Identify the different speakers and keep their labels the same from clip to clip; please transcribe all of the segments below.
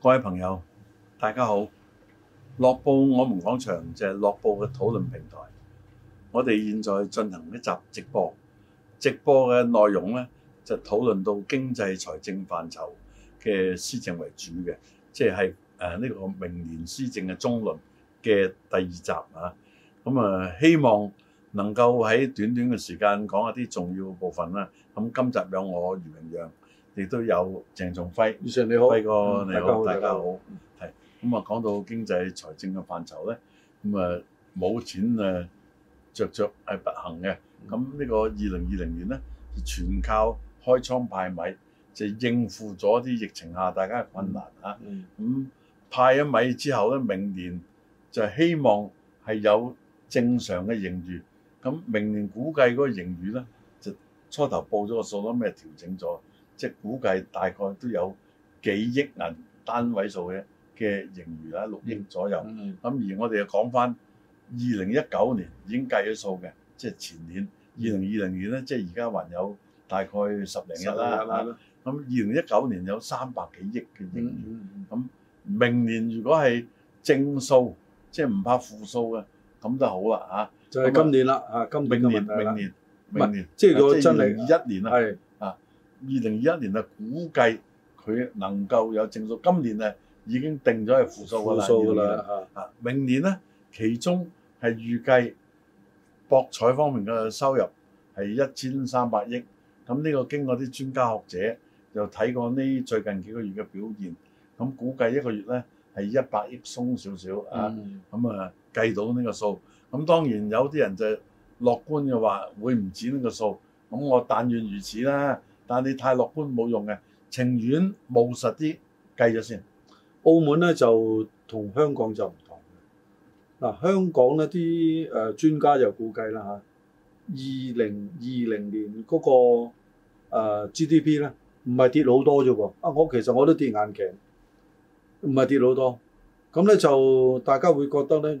Speaker 1: 各位朋友，大家好！樂報我們講場就係樂報嘅討論平台，我哋現在進行一集直播，直播嘅內容呢，就討、是、論到經濟財政範疇嘅施政為主嘅，即係呢個明年施政嘅綜論嘅第二集啊！咁啊，希望，能夠喺短短嘅時間講一啲重要的部分啦。咁今集有我余明陽，亦都有鄭仲輝。宇晨你好，輝哥、嗯、你好，大家好。係咁啊，講到經濟財政嘅範疇咧，咁啊冇錢啊，着着係不行嘅。咁、嗯、呢個二零二零年咧，就全靠開倉派米，就應付咗啲疫情下大家嘅困難嚇。咁、嗯嗯、派咗米之後咧，明年就希望係有正常嘅盈餘。咁明年估計嗰個盈餘咧，就初頭報咗個數啦，咩調整咗，即係估計大概都有幾億銀單位數嘅嘅盈餘啦，六億、嗯、左右。咁、嗯、而我哋又講翻二零一九年已經計咗數嘅，即係前年二零二零年咧，即係而家還有大概十零日啦。咁二零一九年有三百幾億嘅盈餘，咁、嗯、明年如果係正數，即係唔怕負數嘅。咁就好啦嚇，就係今年啦嚇，今年明年明年即係個真係二零二一年啦，係是啊，二零二一年啊，估計佢能夠有正數。今年啊，已經定咗係負數個啦，啊，明年咧，其中係預計博彩方面嘅收入係一千三百億。咁呢個經過啲專家學者又睇過呢最近幾個月嘅表現，咁估計一個月咧係一百億鬆少少、嗯、啊，咁、嗯、啊。計到呢個數，咁當然有啲人就樂觀嘅話，會唔止呢個數，咁我但願如此啦。但你太樂觀冇用嘅，情願務實啲計咗先。澳門咧就同香港就唔同。嗱、啊，香港呢啲誒、呃、專家就估計啦嚇，二零二零年嗰、嗰個、呃、GDP 咧，唔係跌好多啫噃。啊，我其實我都跌眼鏡，唔係跌好多。咁咧就大家會覺得咧。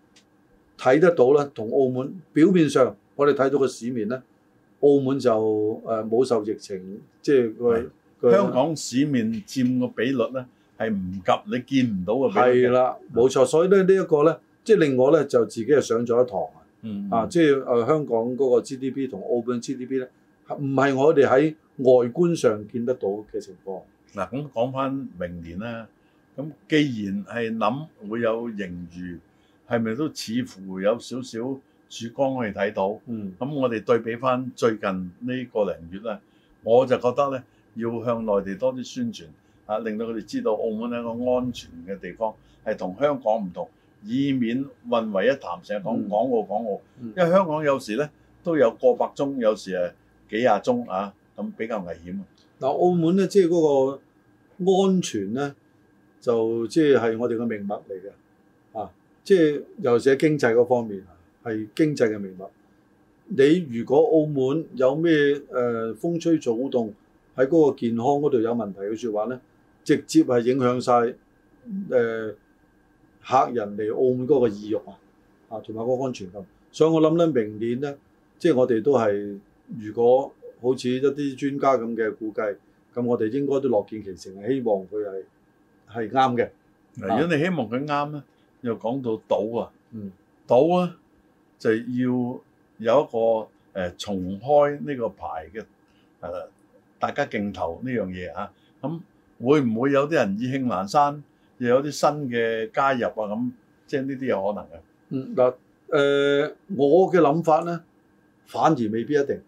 Speaker 1: 睇得到咧，同澳門表面上，我哋睇到個市面咧，澳門就誒冇、呃、受疫情，即係個、嗯、它香港市面佔個比率咧，係唔及你見唔到嘅。係啦的，冇、嗯、錯，所以咧呢一個咧，即係令我咧就自己係上咗一堂啊！嗯嗯啊，即係誒、呃、香港嗰個 GDP 同澳門 GDP 咧，唔係我哋喺外觀上見得到嘅情況。嗱、嗯，咁講翻明年啦，咁既然係諗會有盈餘。係咪都似乎有少少曙光可以睇到？嗯，咁我哋對比翻最近呢個零月咧，我就覺得咧要向內地多啲宣傳啊，令到佢哋知道澳門係一個安全嘅地方，係同香港唔同，以免混為一談成日講港澳港澳。因為香港有時咧都有過百宗，有時係幾廿宗啊，咁比較危險。嗱，澳門咧即係嗰個安全咧，就即係係我哋嘅命脈嚟嘅。即係尤其經濟嗰方面，係經濟嘅命脈。你如果澳門有咩誒、呃、風吹草動喺嗰個健康嗰度有問題嘅説話咧，直接係影響晒誒、呃、客人嚟澳門嗰個意欲啊，啊同埋嗰個安全感。所以我諗咧，明年咧，即係我哋都係如果好似一啲專家咁嘅估計，咁我哋應該都樂見其成，係希望佢係係啱嘅。如果你希望佢啱咧？又講到賭啊，嗯、啊，賭咧就要有一個誒、呃、重開呢個牌嘅、呃、大家競投呢樣嘢啊。咁、啊、會唔會有啲人意興闌珊，又有啲新嘅加入啊？咁即係呢啲有可能嘅。嗯，嗱、呃、我嘅諗法咧反而未必一定，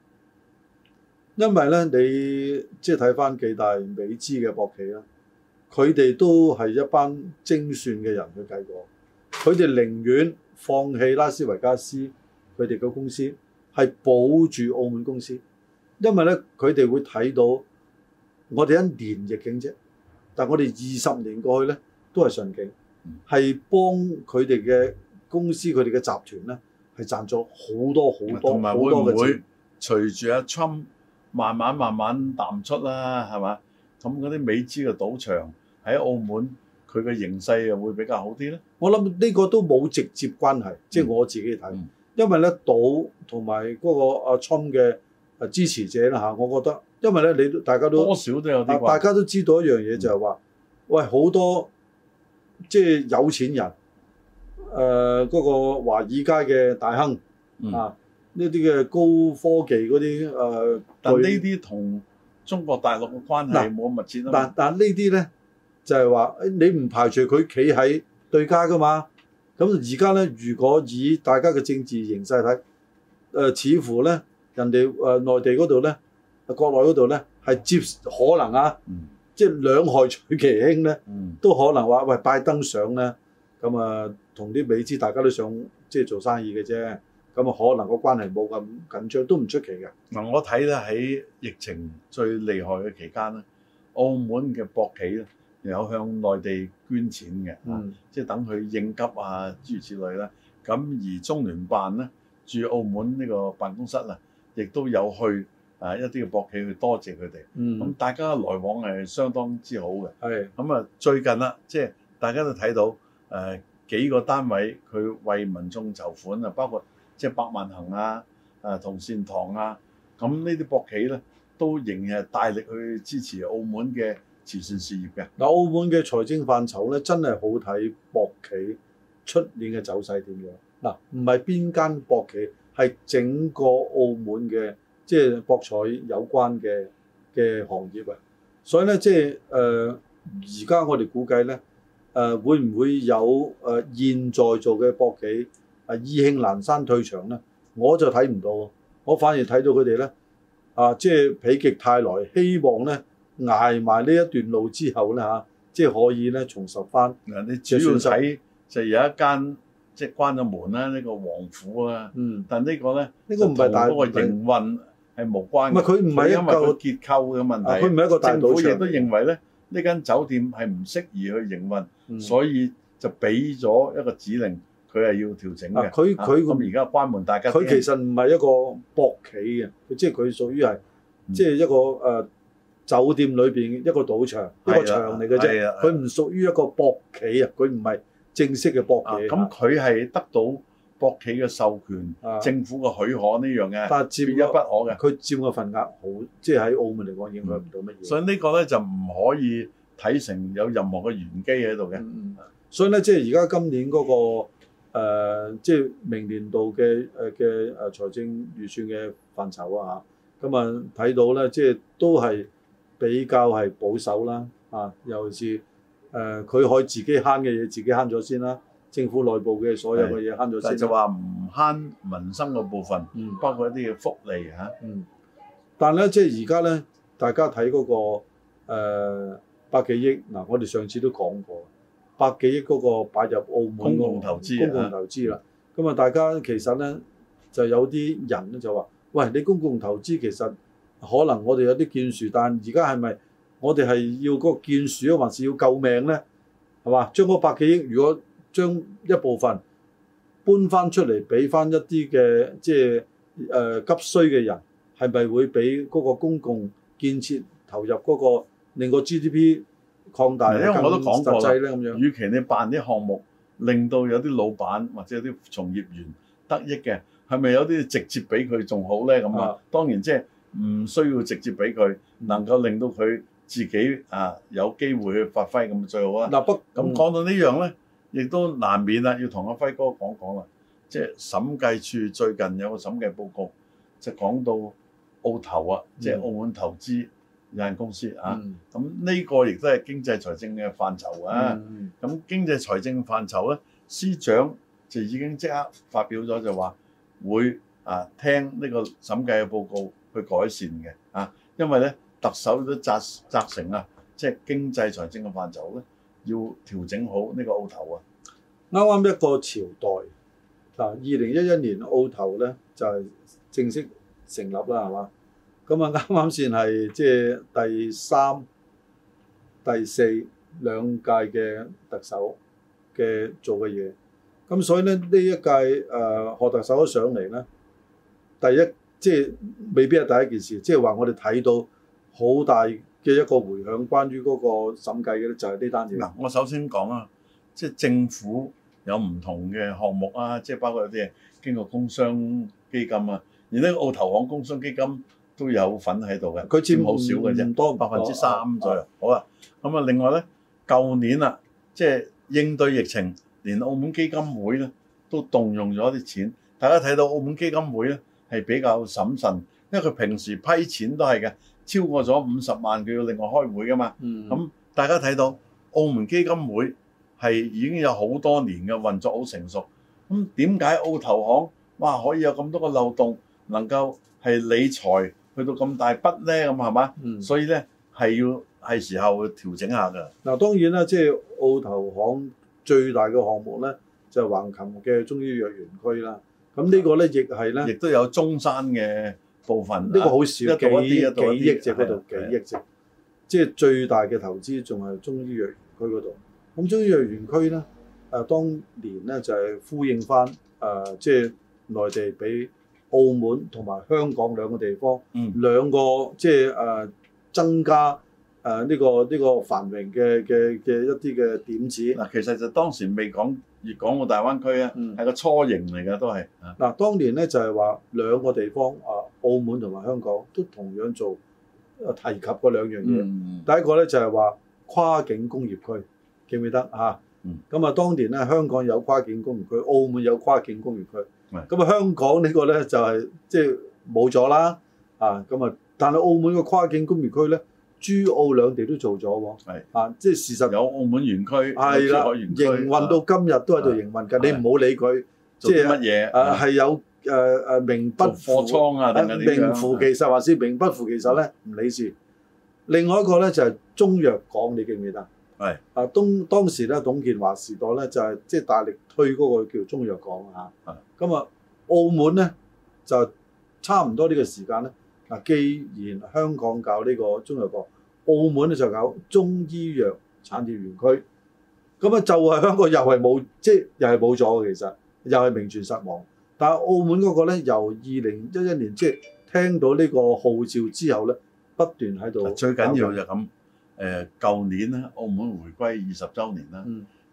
Speaker 1: 因為咧你即係睇翻幾大美資嘅博企啦，佢哋都係一班精算嘅人去計過。佢哋寧願放棄拉斯維加斯佢哋嘅公司，係保住澳門公司，因為咧佢哋會睇到我哋一年逆境啫，但係我哋二十年過去咧都係順境，係幫佢哋嘅公司，佢哋嘅集團咧係賺咗好多好多同埋好多，會隨住阿侵慢慢慢慢淡出啦、啊？係嘛？咁嗰啲美資嘅賭場喺澳門，佢嘅形勢又會比較好啲咧？我諗呢個都冇直接關係，即、就、係、是、我自己睇，嗯、因為咧賭同埋嗰個阿川嘅啊支持者啦嚇，我覺得，因為咧你大家都多少都有啲，大家都知道一樣嘢、嗯、就係話，喂好多即係、就是、有錢人誒嗰、呃那個華爾街嘅大亨、嗯、啊，呢啲嘅高科技嗰啲誒，呃、但呢啲同中國大陸嘅關係冇咁密切啦。嗱，但這些呢啲咧。就係話你唔排除佢企喺對家㗎嘛？咁而家咧，如果以大家嘅政治形勢睇、呃，似乎咧人哋誒內地嗰度咧，國內嗰度咧係接可能啊，嗯、即係兩害取其輕咧，嗯、都可能話喂拜登上咧，咁、嗯、啊同啲美資大家都想即係做生意嘅啫，咁、嗯、啊可能個關係冇咁緊張都唔出奇嘅。嗱，我睇咧喺疫情最厲害嘅期間咧，澳門嘅博企咧。有向內地捐錢嘅，即、嗯啊就是、等佢應急啊諸如此類啦。咁、啊、而中聯辦咧，駐澳門呢個辦公室啊，亦都有去、啊、一啲嘅博企去多謝佢哋。咁、嗯啊、大家來往係相當之好嘅。咁是啊，最近啦、啊，即、就、係、是、大家都睇到誒、啊、幾個單位佢為民眾籌款啊，包括即係百萬行啊，啊、同善堂啊，咁呢啲博企咧都仍然係大力去支持澳門嘅。慈善事業嘅嗱，澳門嘅財政範疇咧，真係好睇博企出年嘅走勢點樣嗱，唔係邊間博企，係整個澳門嘅即係博彩有關嘅嘅行業啊，所以咧即係誒而家我哋估計咧誒、呃、會唔會有誒、呃、現在做嘅博企啊意興闌珊退場咧？我就睇唔到，我反而睇到佢哋咧啊，即係否極泰來，希望咧。挨埋呢一段路之後咧嚇、啊，即係可以咧重拾翻。主要使就，就有一間即係關咗門啦、啊，呢、呢個王府啊。嗯，但呢個呢個咧呢個唔係同嗰個營運係無關嘅。唔係佢唔係因為佢結構嘅問題。佢唔係一個大政府亦都認為咧呢間、嗯、酒店係唔適宜去營運，所以就俾咗一個指令，佢係要調整嘅。佢佢咁而家關門，大家佢其實唔係一個博企嘅，佢、啊、即係佢屬於係、嗯、即係一個誒。啊酒店裏邊一個賭場，的一個場嚟嘅啫，佢唔的屬於一個博企啊，佢唔係正式嘅博企。咁佢係得到博企嘅授權、的政府嘅許可呢樣嘅，但佔一不可嘅。佢佔嘅份額好，即係喺澳門嚟講影響唔到乜嘢。所以呢個咧就唔可以睇成有任何嘅玄機喺度嘅。所以咧，即係而家今年嗰、那個、呃、即係明年度嘅誒嘅誒財政預算嘅範疇啊，咁啊睇到咧，即係都係。比較係保守啦，啊，尤其是誒，佢、呃、可以自己慳嘅嘢，自己慳咗先啦。政府內部嘅所有嘅嘢慳咗先就話唔慳民生個部分，嗯，包括一啲嘅福利嚇、啊。嗯，但係咧，即係而家咧，大家睇嗰、嗰個、呃、百幾億嗱、啊，我哋上次都講過，百幾億嗰個擺入澳門公共投資公共投資啦。咁啊，嗯、大家其實咧就有啲人咧就話，喂，你公共投資其實。可能我哋有啲建樹，但而家係咪我哋係要個建樹啊，還是要救命咧？係嘛？將嗰百幾億，如果將一部分搬翻出嚟，俾翻一啲嘅即係誒、呃、急需嘅人，係咪會俾嗰個公共建設投入嗰、那個令個 GDP 擴大？因為我都講過際咧，咁樣與其你辦啲項目，令到有啲老闆或者有啲從業員得益嘅，係咪有啲直接俾佢仲好咧？咁啊，是的 當然即、就、係、是。唔需要直接俾佢，能夠令到佢自己啊有機會去發揮咁最好啊。嗱，不過講到呢樣呢，亦都難免啦，要同阿輝哥講講啦。即係審計處最近有個審計報告，就講到澳投啊，即係、嗯、澳門投資有限公司、嗯、啊。咁呢個亦都係經濟財政嘅範疇啊。咁、嗯、經濟財政範疇呢，司長就已經即刻發表咗，就話會啊聽呢個審計嘅報告。去改善嘅啊，因為咧特首都責責成啊，即係經濟財政嘅範疇咧，要調整好呢個澳頭啊。啱啱一個朝代嗱，二零一一年澳頭咧就係正式成立啦，係嘛？咁啊啱啱先係即係第三、第四兩屆嘅特首嘅做嘅嘢，咁所以咧呢一屆誒，賀特首一上嚟咧，第一。即係未必係第一件事，即係話我哋睇到好大嘅一個迴響，關於嗰個審計嘅咧，就係呢單嘢。嗱，我首先講啦、啊，即係政府有唔同嘅項目啊，即係包括有啲嘢經過工商基金啊，而呢個澳頭港工商基金都有份喺度嘅。佢佔好少嘅啫、嗯，多百分之三左右。哦、好啊，咁啊、嗯嗯，另外咧，舊年啊，即係應對疫情，連澳門基金會咧都動用咗啲錢。大家睇到澳門基金會咧，係比較審慎，因為佢平時批錢都係嘅，超過咗五十萬佢要另外開會噶嘛。咁、嗯、大家睇到澳門基金會係已經有好多年嘅運作，好成熟。咁點解澳投行哇可以有咁多個漏洞，能夠係理財去到咁大筆呢？咁係嘛？嗯、所以呢，係要係時候調整一下㗎。嗱，當然啦，即係澳投行最大嘅項目呢，就係橫琴嘅中醫藥園區啦。咁呢個咧，亦係咧，亦都有中山嘅部分。呢、啊、個好少，得到一幾億隻嗰度幾億隻，的的即係最大嘅投資仲係中醫藥園區嗰度。咁中醫藥園區咧，當年咧就係、是、呼應翻誒、啊，即係內地畀澳門同埋香港兩個地方，兩、嗯、個即係、啊、增加誒呢、啊這個呢、這個繁榮嘅嘅嘅一啲嘅點子。嗱、啊，其實就當時未講。粵港澳大灣區咧，係、嗯、個初型嚟㗎，都係。嗱，當年咧就係話兩個地方啊，澳門同埋香港都同樣做，提及嗰兩樣嘢。嗯、第一個咧就係話跨境工業區，記唔記得啊？咁、嗯、啊，當年咧香港有跨境工業區，澳門有跨境工業區。咁啊、嗯，香港呢個咧就係即係冇咗啦。啊，咁啊，但係澳門個跨境工業區咧。珠澳兩地都做咗喎，係啊，即係事實有澳門園區、珠海園區營運到今日都喺度營運緊，你唔好理佢即係乜嘢，係有誒誒名不符貨倉啊定係啲咩？名符其實還是名不符其實咧？唔理事。另外一個咧就係中藥港，你記唔記得？係啊，東當時咧董建華時代咧就係即係大力推嗰個叫中藥港啊，咁啊，澳門咧就差唔多呢個時間咧嗱，既然香港搞呢個中藥港。澳門就搞中醫藥產業園區，咁啊就係香港又係冇即係又係冇咗其實又係名存實亡。但係澳門嗰個咧，由二零一一年即係聽到呢個號召之後咧，不斷喺度。最緊要就咁誒，舊、呃、年咧澳門回歸二十週年啦，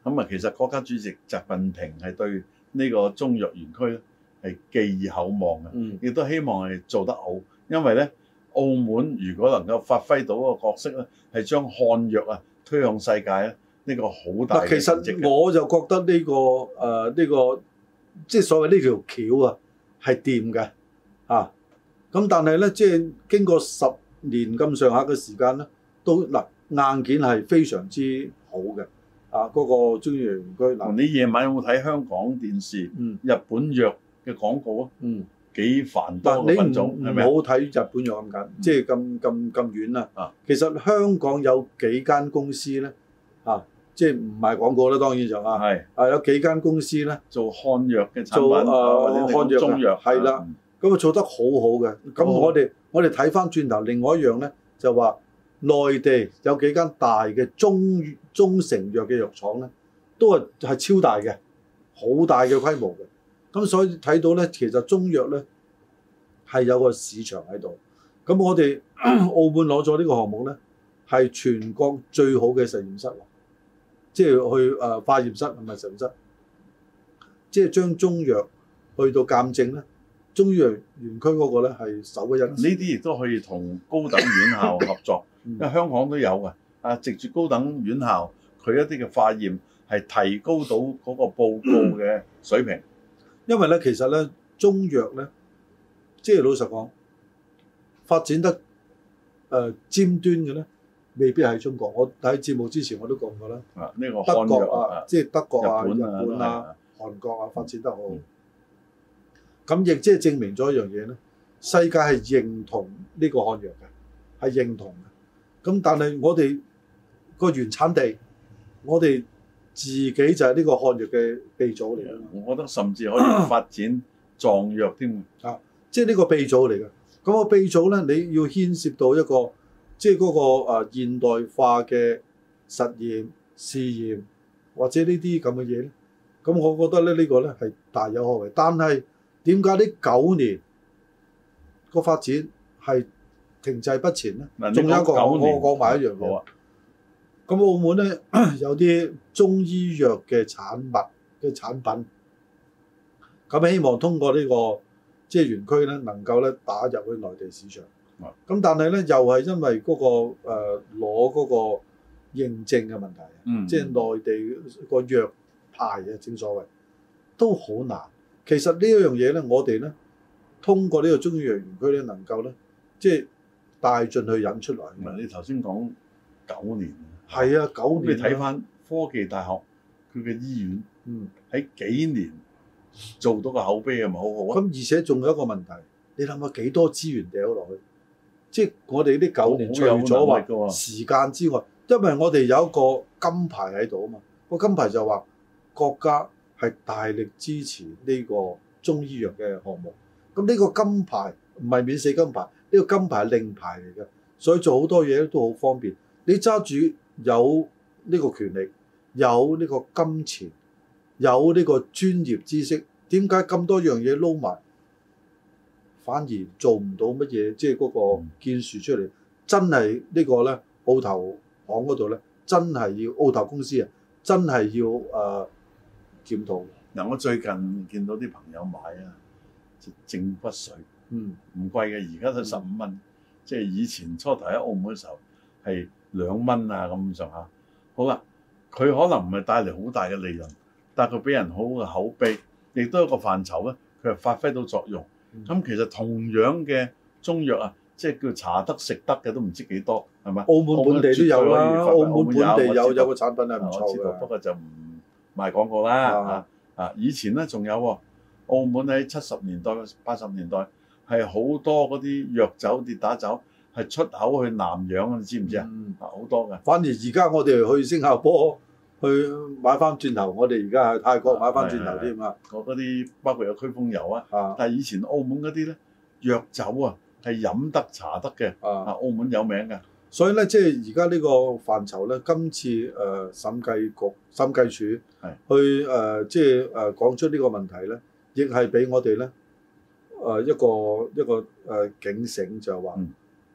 Speaker 1: 咁啊、嗯、其實國家主席習近平係對呢個中藥園區咧係寄以厚望嘅，亦、嗯、都希望係做得好，因為咧。澳門如果能夠發揮到個角色咧，係將漢藥啊推向世界咧、啊，呢、這個好大嘅成績。嗱，其實我就覺得呢、這個誒呢、呃這個即係所謂呢條橋啊，係掂嘅嚇。咁、啊、但係咧，即係經過十年咁上下嘅時間咧，都嗱硬件係非常之好嘅啊。嗰、那個中藥園區嗱，你夜晚有冇睇香港電視嗯日本藥嘅廣告啊？嗯。幾繁多嘅品種，唔好睇日本藥咁緊，即係咁咁咁遠啦。啊，其實香港有幾間公司咧，啊，即係唔賣廣告啦，當然就啊、是，係是啊，有幾間公司咧做漢藥嘅產品，或者做、哦、藥中藥係啦，咁啊的、嗯、做得好好嘅。咁我哋、哦、我哋睇翻轉頭，另外一樣咧就話內地有幾間大嘅中中成藥嘅藥廠咧，都係係超大嘅，好大嘅規模嘅。咁所以睇到咧，其實中藥咧係有個市場喺度。咁我哋澳門攞咗呢個項目咧，係全國最好嘅實，實驗室，即係去誒化驗室唔係實驗室，即係將中藥去到鑑證咧。中藥園區嗰個咧係首個人。呢啲亦都可以同高等院校合作， 因為香港都有嘅。啊，藉住高等院校佢一啲嘅化驗係提高到嗰個報告嘅水平。 因為咧，其實咧，中藥咧，即係老實講，發展得誒尖端嘅咧，未必係中國。我睇節目之前我都講過啦，啊，呢個漢藥啊，即係德國啊、日本啊、韓國啊，發展得好。咁亦即係證明咗一樣嘢咧，世界係認同呢個漢藥嘅，係認同嘅。咁但係我哋個原產地，我哋。自己就係呢個漢藥嘅秘組嚟嘅，我覺得甚至可以發展壯藥添喎。啊，即係呢個秘組嚟嘅。咁個秘組咧，你要牽涉到一個即係嗰個誒現代化嘅實驗試驗，或者呢啲咁嘅嘢咧。咁我覺得咧，呢個咧係大有可為。但係點解呢九年個發展係停滯不前咧？仲有一個，我講埋一樣嘢。咁澳門咧有啲中醫藥嘅產品嘅產品，咁希望通過呢個即係園區咧，能夠咧打入去內地市場。咁但係咧，又係因為嗰、那個攞嗰、呃、個認證嘅問題，即係、嗯、內地個藥牌啊，正所謂都好難。其實呢一樣嘢咧，我哋咧通過呢個中醫藥園區咧，能夠咧即係帶進去引出來。你頭先講九年。係啊！九年，你睇翻科技大學佢嘅醫院，喺、嗯、幾年做到個口碑係咪好好啊？咁而且仲有一個問題，你諗下幾多資源掟落去？即係我哋呢啲九，我哋有阻喎時間之外，因為我哋有一個金牌喺度啊嘛。個金牌就話國家係大力支持呢個中醫藥嘅項目。咁呢個金牌唔係免死金牌，呢、呢個金牌係令牌嚟嘅，所以做好多嘢都好方便。你揸住。有呢個權力，有呢個金錢，有呢個專業知識，點解咁多樣嘢撈埋，反而做唔到乜嘢？即係嗰個建樹出嚟、嗯，真係呢個咧，澳頭行嗰度咧，真係要澳頭公司啊，真係要誒，檢討嗱！我最近見到啲朋友買啊，正骨水，嗯不貴的，唔貴嘅，而家都十五蚊，即係以前初頭喺澳門嘅時候係。兩蚊啊咁上下，好啦，佢可能唔係帶嚟好大嘅利潤，但係佢俾人好好嘅口碑，亦都有個範疇咧，佢係發揮到作用。咁、嗯、其實同樣嘅中藥啊，即係叫茶得食得嘅都唔知幾多，係咪？澳門本地都有啦、啊，澳門本地有有個產品啊，唔知道，不過就唔賣廣告啦。以前咧仲有喎，澳門喺七十年代八十年代係好多嗰啲藥酒跌打酒。係出口去南洋，你知唔知啊？嗯，好多嘅。反而而家我哋去新加坡去買翻轉頭，我哋而家係泰國買翻轉頭添啊。嗰啲包括有驅風油啊。啊，但係以前澳門嗰啲咧藥酒啊係飲得、搽得嘅。啊，澳門有名嘅。所以咧，即係而家呢個範疇咧，今次誒審計局審計署係去誒，即係誒講出呢個問題咧，亦係俾我哋咧誒一個一個誒警醒，就係話。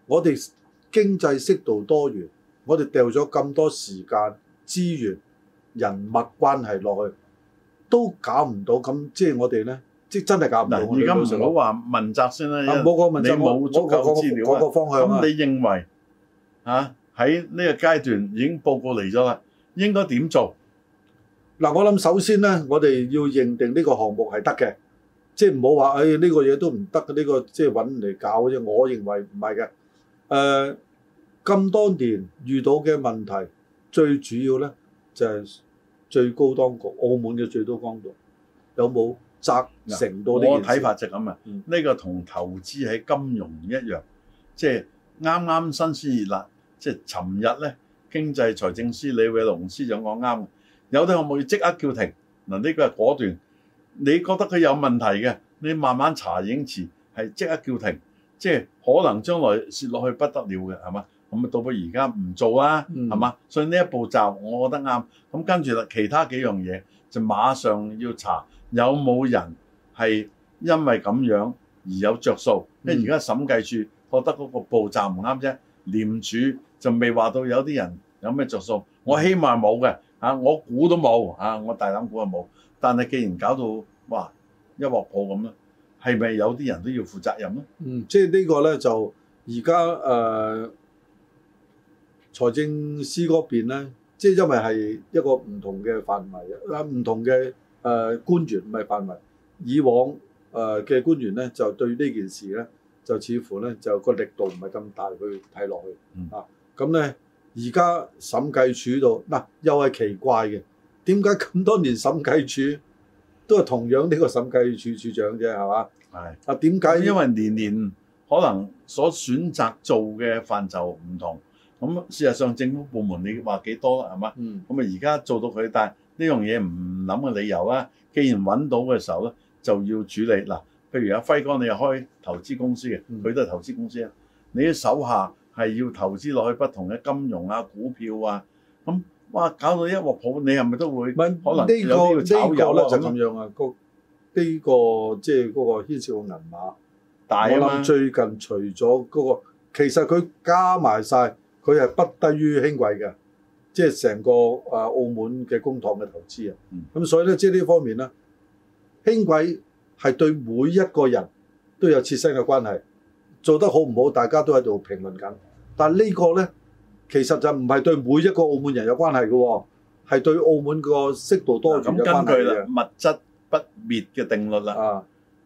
Speaker 1: 我哋經濟適度多元，我哋掉咗咁多時間、資源、人脈關係落去，都搞唔到。咁即係我哋咧，即係真係搞唔到。而家唔好話問責先啦。啊，冇講問責，我我講治療。咁你認為啊？喺呢個階段已經報告嚟咗啦，應該點做？嗱，我諗首先咧，我哋要認定呢個項目係得嘅，即係唔好話誒呢個嘢都唔得嘅呢個，即係揾嚟搞嘅啫。我認為唔係嘅。誒咁多年遇到嘅問題，最主要咧就係最高當局、澳門嘅最高當局有冇責成到呢件事？我嘅睇法就係咁啊！呢個同投資喺金融一樣，即係啱啱新鮮熱辣。即係尋日咧，經濟財政司李偉龍司長講啱，有啲項目要即刻叫停。嗱，呢個係果斷。你覺得佢有問題嘅，你慢慢查已經遲，係即刻叫停。即係可能將來蝕落去不得了嘅係嘛？咁啊到到而家唔做啦係嘛？所以呢一步驟我覺得啱，咁跟住啦，其他幾樣嘢就馬上要查有冇人係因為咁樣而有着數，因為而家審計處覺得嗰個步驟唔啱啫，廉署就未話到有啲人有咩着數。我希望冇嘅，啊我估都冇，啊我大膽估係冇。但係既然搞到哇一鑊泡咁啦～係咪有啲人都要負責任咧？嗯，即係呢個咧就而家誒財政司嗰邊咧，即係因為係一個唔同嘅範圍啊，唔同嘅誒、呃、官員唔係範圍。以往誒嘅、呃、官員咧，就對呢件事咧，就似乎咧就個力度唔係咁大去睇落去啊。咁咧而家審計署度嗱，又係奇怪嘅，點解咁多年審計署？都係同樣呢個審計處處長啫，係嘛？係啊，點解？因為年年可能所選擇做嘅範疇唔同。咁事實上，政府部門你話幾多啦？係嘛？嗯。咁啊，而家做到佢，但係呢樣嘢唔諗嘅理由啦。既然揾到嘅時候咧，就要處理嗱。譬如阿、啊、輝哥，你開投資公司嘅，佢、嗯、都係投資公司啊。你啲手下係要投資落去不同嘅金融啊、股票啊咁。哇！搞到一鑊泡，你係咪都會？可能呢、這個炒油咧就咁樣啊！個呢個即係嗰個牽涉嘅銀碼
Speaker 2: 大啊，最
Speaker 1: 近除咗嗰、那個，其實佢加埋晒，佢係不低於輕軌嘅，即係成個誒澳門嘅公帑嘅投資啊。咁、嗯、所以咧，即係呢方面咧，輕軌係對每一個人都有切身嘅關係，做得好唔好，大家都喺度評論緊。但係呢個咧。其實就唔係對每一個澳門人有關係嘅喎，係對澳門個適度多元有關係嘅。物質不滅嘅定律啦。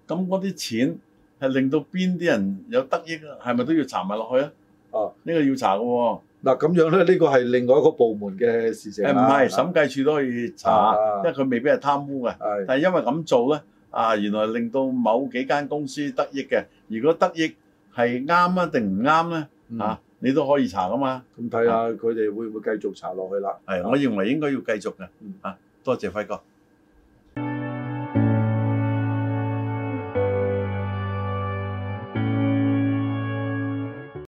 Speaker 1: 咁嗰啲錢係令到邊啲人有得益啊？係咪都要查埋落去啊？啊，呢個要查嘅喎。嗱咁樣咧，呢個係另外一個部門嘅事情啦。唔係審計署都可以查，因為佢未必係貪污嘅。係。但係因為咁做咧，啊，原來令到某幾間公司得益嘅。如果得益係啱啊定唔啱咧？啊。你都可以查噶嘛，咁睇下佢哋會唔會繼續查落去啦？係，我認為應該要繼續嘅。啊、嗯，多謝輝哥。